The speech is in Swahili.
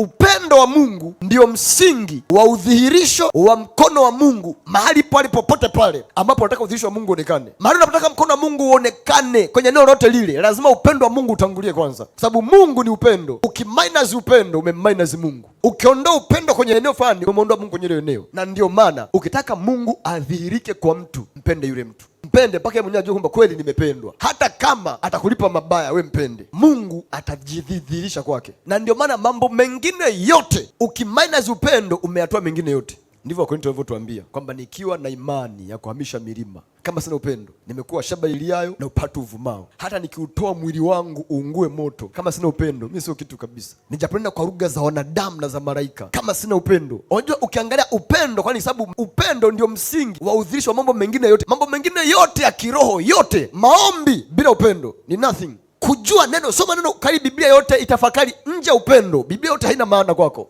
Upendo wa Mungu ndio msingi wa udhihirisho wa mkono wa Mungu mahali pale popote pale ambapo unataka udhihirisho wa Mungu uonekane. Mahali unapotaka mkono wa Mungu uonekane kwenye eneo lote lile, lazima upendo wa Mungu utangulie kwanza, kwa sababu Mungu ni upendo. Ukiminus upendo, umeminus Mungu. Ukiondoa upendo kwenye eneo fulani, umeondoa Mungu kwenye ile eneo. Na ndiyo maana ukitaka Mungu adhihirike kwa mtu, mpende yule mtu mpende mpaka yeye mwenyewe ajue kwamba kweli nimependwa. Hata kama atakulipa mabaya, we mpende, Mungu atajidhihirisha kwake. Na ndio maana mambo mengine yote ukiminus upendo, umeatoa mengine yote. Ndivyo Wakorinto walivyotuambia kwamba nikiwa na imani ya kuhamisha milima, kama sina upendo, nimekuwa shaba iliayo na upatu uvumao. Hata nikiutoa mwili wangu uungue moto, kama sina upendo, mi sio kitu kabisa. Nijaponena kwa lugha za wanadamu na za malaika, kama sina upendo. Unajua, ukiangalia upendo, kwani sababu upendo ndio msingi wa udhirisho wa mambo mengine yote. Mambo mengine yote ya kiroho, yote maombi bila upendo ni nothing. Kujua neno, soma neno, kali Biblia yote itafakari, nje ya upendo Biblia yote haina maana kwako.